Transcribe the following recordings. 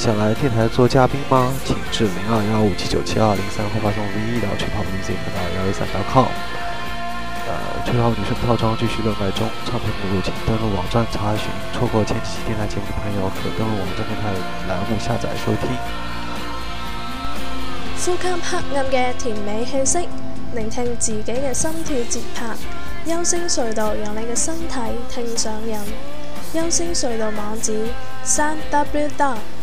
想來電台做嘉賓嗎？請至零二幺五七九七二零三後發送 V I P 到春跑 music 到幺六三點 com。呃，春跑女生套裝繼續熱賣中，唱片目錄請登錄網站查詢。錯過前期電台節目的朋友，可登錄網站電台欄目下載收聽。呼吸黑暗嘅甜美氣息，聆聽自己嘅心跳節拍，幽聲隧道讓你嘅身體聽上癮。幽聲隧道網址：三 w 點。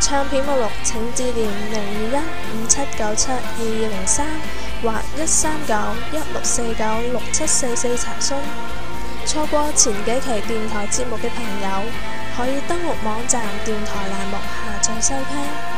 唱片目錄，請致電零二一五七九七二二零三或一三九一六四九六七四四查詢。錯過前幾期電台節目嘅朋友，可以登錄網站電台欄目下載收聽。